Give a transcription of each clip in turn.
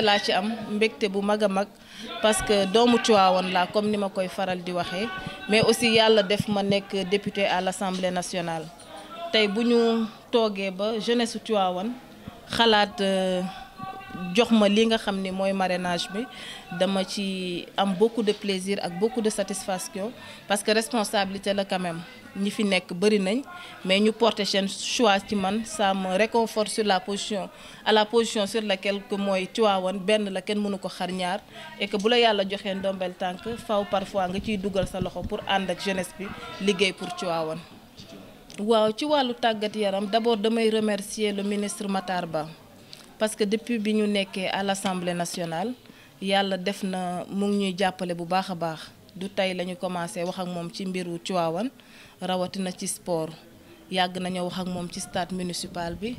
mbégte laa ci am mbégte bu mag a mag parce que doomu Tiwaawoon laa comme ni ma koy faral di waxee mais aussi yàlla def ma nekk député à l'Assemblée nationale tey bu ñu toogee ba jeunesse su Tiwaawoon xalaat. Euh, jox ma li nga xam ni mooy marrainage bi dama ci am beaucoup de plaisir ak beaucoup de satisfaction parce que responsabilité la quand même ñi fi nekk bëri nañ mais ñu porter seen choix ci man sàmm me sur la position à la position sur laquelle que mooy Tivaouane benn la kenn mënu ko xar ñaar et que bu la yàlla joxee ndombel tànk faw parfois nga ciy dugal sa loxo pour ànd ak jeunesse bi liggéey pour Tivaouane waaw ci wàllu tàggat yaram d'abord damay remercier le ministre Matar parce que depuis bi ñu nekkee à l'Assemblée nationale yàlla def na mu ñuy jàppale bu baax a baax du tey la ñu commencé wax ak moom ci mbiru Tivaouane rawatina ci sport yàgg nañoo wax ak moom ci stade municipal bi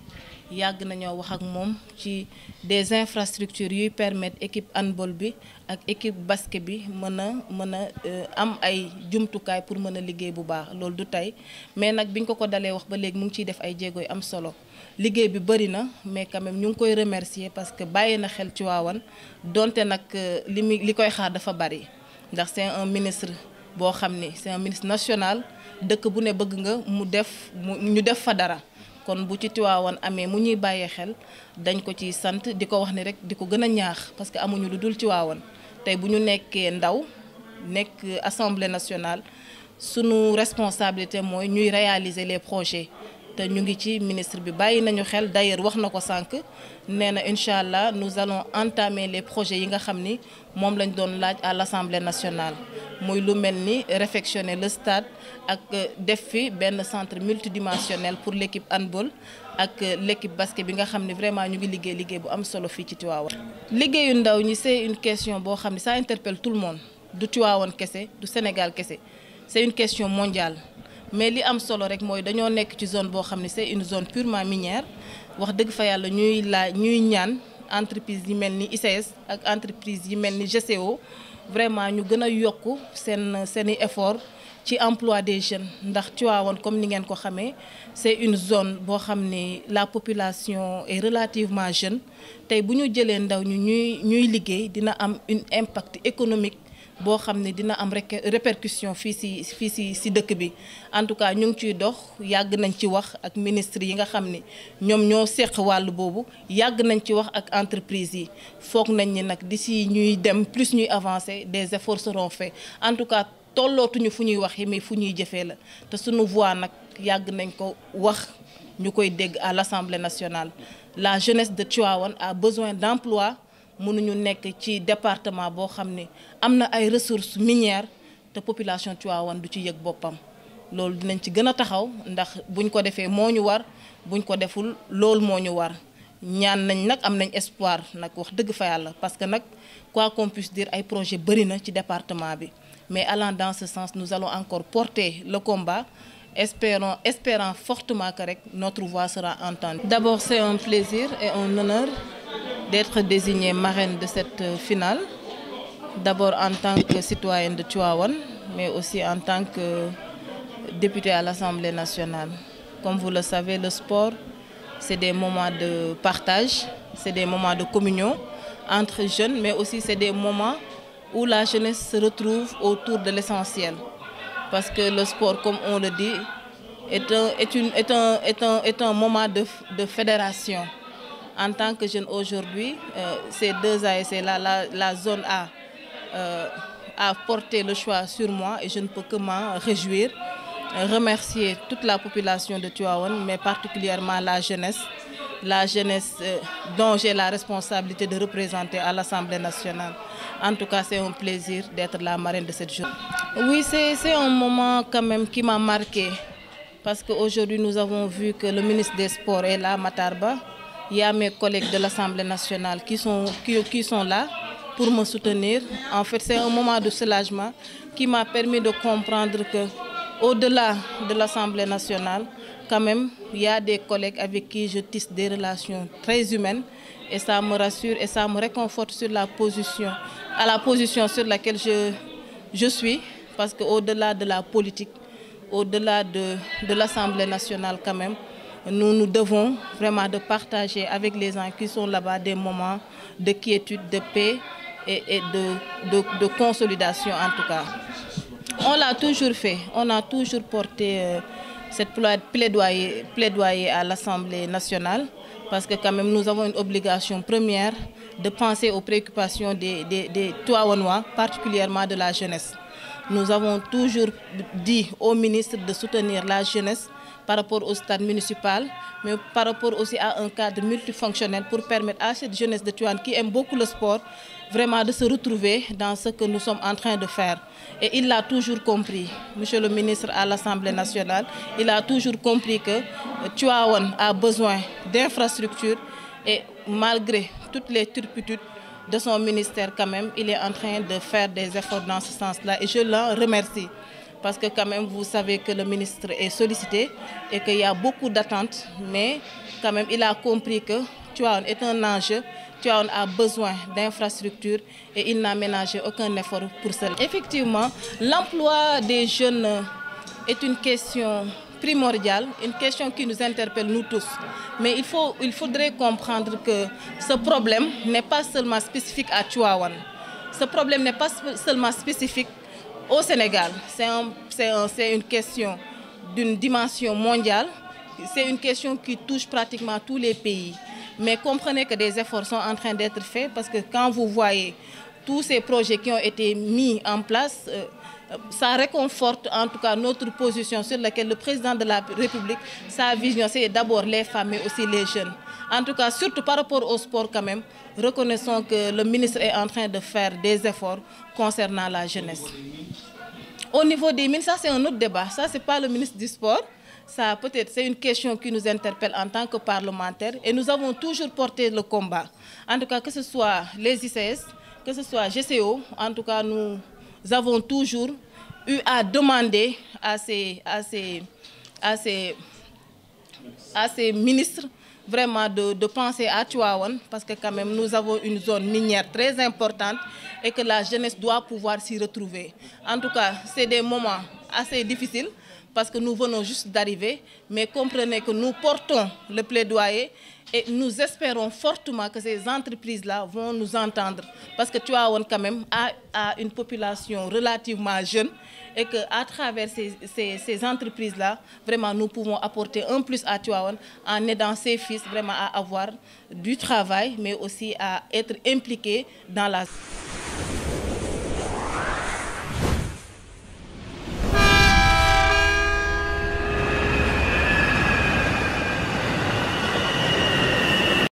yàgg nañoo wax ak moom ci des infrastructures yuy permettre équipe handball bi ak équipe basket bi mën a mën a euh, am ay jumtukaay pour mën a liggéey bu baax loolu du tey mais nag bi biñ ko ko dalee wax ba léegi mu ngi ciy def ay jéego am solo liggéey bi bëri na mais quand même ñu ngi koy remercier parce que bàyyi na xel ci waawan donte nag euh, li muy li koy xaar dafa bëri ndax c'est un ministre boo xam ni c'est un ministre national dëkk bu ne bëgg nga mu def mu ñu def fa dara kon bu ci Tiwaawan amee mu ñuy bàyyee xel dañ ko ciy sant di ko wax ni rek di ko gën a ñaax parce que amuñu lu dul Tiwaawan tey bu ñu nekkee ndaw nekk assemblée nationale sunu responsabilité mooy ñuy réaliser les projet te ñu ngi ci ministre bi bàyyi nañu xel d'ailleurs wax na ko sànq nee na incha allah nous allons entamer les projets yi nga xam ni moom lañ doon laaj à l'Assemblée national muy lu mel ni réfectionner le stade ak euh, def fi benn centre multi multidimensionnel pour l'équipe handball ak euh, l'équipe basket bi nga xam ne vraiment ñu ngi liggéey liggéey bu am solo fii ci Tivaouane. liggéeyu ndaw ñi c'est une question boo xam ne ça interpelle tout le monde du Tivaouane kese du Sénégal kese c'est une question mondiale. mais li am solo rek mooy dañoo nekk ci zone boo xam ne c'est une zone purement minière wax dëgg fa yàlla ñuy laa ñuy ñaan entreprise yi mel ni ICS ak entreprise yi mel ni GCO vraiment ñu gën a yokk seen seen i effort ci emploi des jeunes ndax Tivaouane comme ni ngeen ko xamee c'est une zone boo xam ne la population et relativement jeune tey bu ñu jëlee ndaw ñu ñuy ñuy liggéey dina am une impact économique boo xam ne dina am rek répercussion fii si fii si si dëkk bi en tout cas ñu ngi ciy dox yàgg nañ ci wax ak ministre yi nga xam ne ñoom ñoo seq wàll boobu yàgg nañ ci wax ak entreprise yi foog nañ ni nag di si ñuy dem plus ñuy avancer des efforts seront faits en tout cas tollootuñu fu ñuy waxee mais fu ñuy jëfee la te sunu voix nag yàgg nañ ko wax ñu koy dégg à l'Assemblée nationale la jeunesse de Tivaouane a besoin d'emploi mënuñu nekk ci département boo xam ne am na ay ressources minières te population Tivaouane du ci yëg boppam loolu dinañ ci gën a taxaw ndax buñ ko defee moo ñu war buñ ko deful loolu moo ñu war ñaan nañ nag am nañ espoir nag wax dëgg fa yàlla parce que nag quoi qu'on puisse ay projet bëri na ci département bi mais allant dans ce sens nous allons encore porter le combat espérons espérant fortement que rek notre voix sera entendue. D'abord c'est un plaisir et un honneur d'être désignée marraine de cette euh, finale, d'abord en tant que citoyenne de Tuawan, mais aussi en tant que euh, députée à l'Assemblée nationale. Comme vous le savez, le sport, c'est des moments de partage, c'est des moments de communion entre jeunes, mais aussi c'est des moments où la jeunesse se retrouve autour de l'essentiel. Parce que le sport, comme on le dit, est un, un, est un, est un moment de, de fédération. En tant que jeune aujourd'hui, euh, ces deux ASC, la, la, la zone A, euh, a porté le choix sur moi et je ne peux que m'en réjouir. Remercier toute la population de Tuaon, mais particulièrement la jeunesse, la jeunesse euh, dont j'ai la responsabilité de représenter à l'Assemblée nationale. En tout cas, c'est un plaisir d'être la marraine de cette journée. Oui, c'est un moment quand même qui m'a marqué parce qu'aujourd'hui, nous avons vu que le ministre des Sports est là, Matarba, Il y a mes collègues de l'Assemblée nationale qui sont, qui, qui sont là pour me soutenir. En fait, c'est un moment de soulagement qui m'a permis de comprendre que au-delà de l'Assemblée nationale, quand même, il y a des collègues avec qui je tisse des relations très humaines et ça me rassure et ça me réconforte sur la position, à la position sur laquelle je, je suis, parce qu'au-delà de la politique, au-delà de, de l'Assemblée nationale quand même, Nous, nous devons vraiment de partager avec les gens qui sont là-bas des moments de quiétude, de paix et, et de, de, de, consolidation en tout cas. On toujours fait, on a toujours porté euh, cette plaidoyer, plaidoyer à l'Assemblée nationale parce que quand même nous avons une obligation première de penser aux préoccupations des, des, des Touawanois, particulièrement de la jeunesse. Nous avons toujours dit au ministre de soutenir la jeunesse par rapport au stade municipal, mais par rapport aussi à un cadre multifonctionnel pour permettre à cette jeunesse de Tuan qui aime beaucoup le sport, vraiment de se retrouver dans ce que nous sommes en train de faire. Et il l'a toujours compris, Monsieur le ministre à l'Assemblée nationale, il a toujours compris que Tuaon a besoin d'infrastructures et malgré toutes les turpitudes de son ministère quand même, il est en train de faire des efforts dans ce sens-là et je l'en remercie. parce que quand même vous savez que le ministre est sollicité et que y a beaucoup d'attentes, mais quand même il a compris que Tuaon est un enjeu, Tuaon a besoin d'infrastructures et il n'a ménagé aucun effort pour cela. Effectivement, l'emploi des jeunes est une question primordiale, une question qui nous interpelle nous tous. Mais il, faut, il faudrait comprendre que ce problème n'est pas seulement spécifique à Tuaon. Ce problème n'est pas seulement spécifique au Sénégal. C'est un, un, une question d'une dimension mondiale. C'est une question qui touche pratiquement tous les pays. Mais comprenez que des efforts sont en train d'être faits parce que quand vous voyez tous ces projets qui ont été mis en place, euh, ça réconforte en tout cas notre position sur laquelle le président de la République, sa vision, c'est d'abord les femmes mais aussi les jeunes. En tout cas, surtout par rapport au sport quand même, reconnaissons que le ministre est en train de faire des efforts concernant la jeunesse. Au niveau des mines, ça c'est un autre débat. Ça, c'est pas le ministre du Sport. être c'est une question qui nous interpelle en tant que parlementaires. Et nous avons toujours porté le combat. En tout cas, que ce soit les ICS, que ce soit GCO, en tout cas, nous avons toujours eu à demander à ces, à ces, à ces, à ces ministres vraiment de, de penser à Tuawan parce que quand même nous avons une zone minière très importante et que la jeunesse doit pouvoir s'y retrouver. En tout cas, c'est des moments assez difficiles. parce que nous venons juste d'arriver, mais comprenez que nous portons le plaidoyer et nous espérons fortement que ces entreprises-là vont nous entendre. Parce que Tuaon, quand même, a, une population relativement jeune et que à travers ces, ces, ces entreprises-là, vraiment, nous pouvons apporter en plus à Tuaon en aidant ses fils vraiment à avoir du travail, mais aussi à être impliqués dans la...